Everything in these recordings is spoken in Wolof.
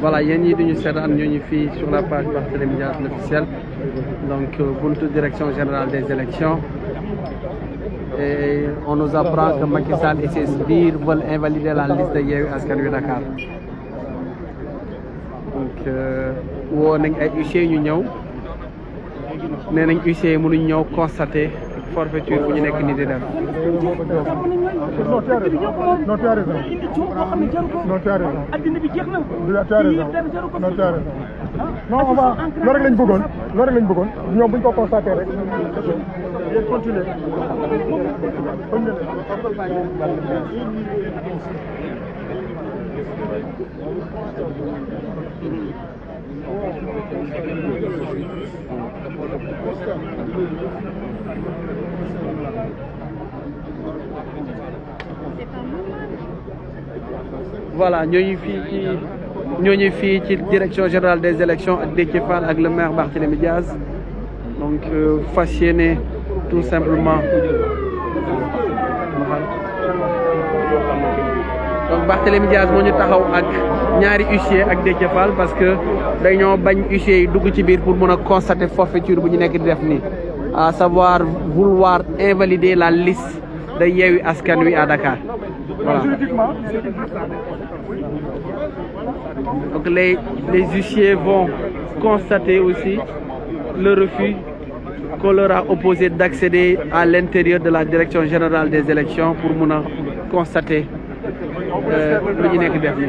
voilà yéen ñi duñu seetaan ñoo ñu fii sur la page Barthélémy Dias l'officiel donc euh, buntu direction générale des élections et on nous apprend que Macky Sall et ses sbires veulent invalider la liste de Dakar donc euh, woo ay huissiers ñu ñëw nee nañ huissiers mënuñ ñëw constater forfaiture bu ñu nekk nii di dem. non tu as raison non tu as raison non tu as raison non tu as raison non on va loolu rek lañ bëggoon loolu rek lañ bëggoon ñoom bu ñu ko constaté rek yéen continuer. Thank you. voilà ñooñu fii ci fii ci direction générale des élections ak Déthié Fall ak donc euh, fas tout simplement donc Barthélémy Dias moo ñu taxaw ak ñaari huissier ak Déthié Fall parce que dañoo bañ huissier yi dugg ci biir pour mun a constater forfaiture bu ñu nekk di def nii à savoir vouloir invalider la liste de Yewwi Askan Wi à Dakar voilà donc les les huissiers vont constater aussi le refus qu'on leur a opposé d'accéder à l'intérieur de la direction générale des élections pour mun a constater Euh, lu ñu nekk def nii.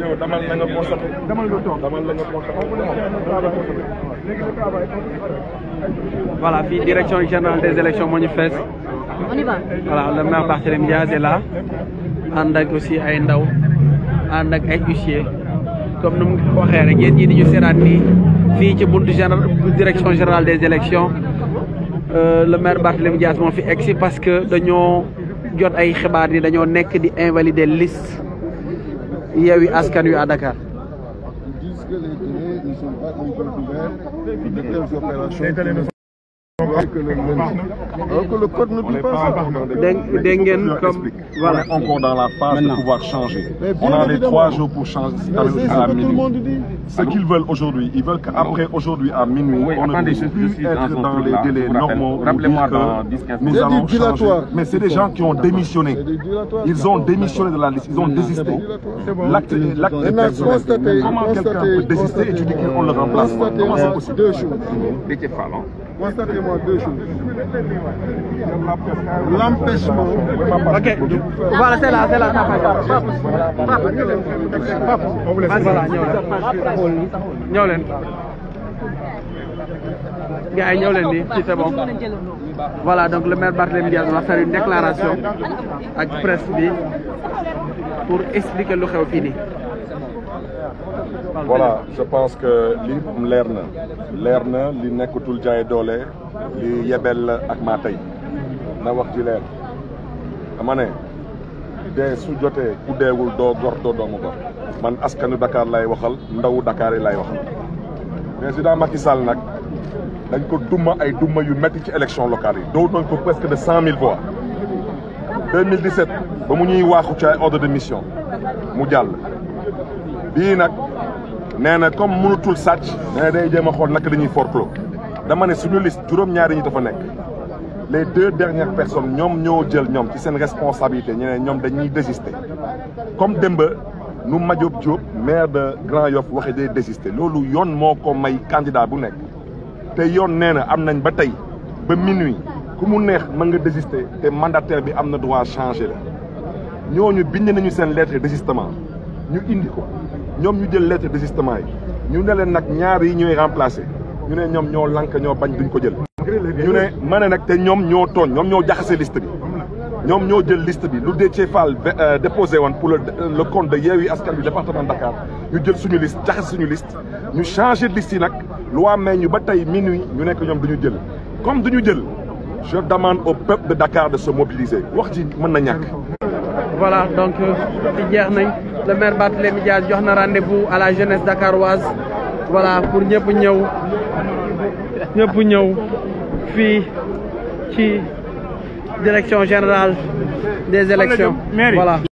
yow damal la nga posté. damal nga toog damal direction générale des élections moo ñu le maire Barthélémy Diaz est là. ay ndaw ànd ak ay huissiers comme nu mu ko waxee rek yéen ñii di ñu seeraat nii fii ci buntu direction générale des élections euh, le maire Barthélémy Diaz moo fi egg parce que dañoo. jot ay xibaar ni dañoo nekk di invalider liste Yewwi Askan Wi à Dakar. Alors que le code ne dit encore dans la phase Maintenant. de pouvoir changer. On a les trois jours pour changer à la minuit. Ce qu'ils veulent aujourd'hui, ils veulent qu'après aujourd'hui à minuit, on ne puisse plus être dans les délais normaux. Rappelez-moi dans nous allons changer. Mais c'est des gens qui ont démissionné. Ils ont démissionné de la liste, ils ont L'acte l'acte est personnel. Comment quelqu'un peut désister et tu dis qu'on le remplace? Comment c'est possible? constatez-moi deux choses. L'empêchement. Ok, voilà, c'est là, c'est là. ñëw leen gars yi ñëw leen nii ci Tebong voilà donc le maire Barthélémy Dias va faire une déclaration ak presse bi pour expliquer lu xew fii nii voilà je pense que li moom leer na leer na li nekkatul jaay doole li yebel ak maa tey na wax ji leer dama ne dee su jotee ku deewul doo gor doo doomu gor man askanu Dakar lay waxal ndawu dakaari yi lay waxal président Macky Sall nag dañ ko dumma ay dumma yu métti ci élection locale yi doo nañ ko presque de cent mille voix 2017 ba mu ñuy waaxu ci ay de mission mu jàll bii nag nee na comme mënutul sàcc nee na day jéem a xool naka dañuy forclos dama ne suñu list juróom-ñaari ñi dafa nekk les deux dernières personnes ñoom ñoo jël ñoom ci seen responsabilité ñu ne ñoom dañuy désister comme démba nu Madiop Diop maire de Grand Yoff waxee day désisté loolu yoon moo ko may candidat bu nekk te yoon nee na am nañ ba tey ba minuit ku mu neex mën nga désister te mandataire bi am na droit changer la ñooñu bind nañu seen lettre de désistement ñu indi ko ñoom ñu jël lettre désistement yi ñu ne leen nag ñaar yi ñooy remplacé ñu ne ñoom ñoo lank ñoo bañ duñ ko jël. ñu ne ma ne nag te ñoom ñoo tooñ ñoom ñoo jaxase liste bi ñoom ñoo jël list bi lu Déthié Fall euh, déposé woon pour le compte de Yewwi Askan Wi département Dakar ñu jël suñu liste jaxase suñu list ñu changé liste yi nag lu amee ñu ba tey minuit ñu nekk ñoom duñu jël comme duñu jël je demande au peuple de Dakar de se mobiliser wax ji mën na ñàkk. voilà donc fi euh, jeex nañ le maire Barthélémy Dias jox na rendez-vous à la jeunesse dakaroise voilà pour ñëpp ñëw ñëpp ñëw fii ci direction générale des élections voilà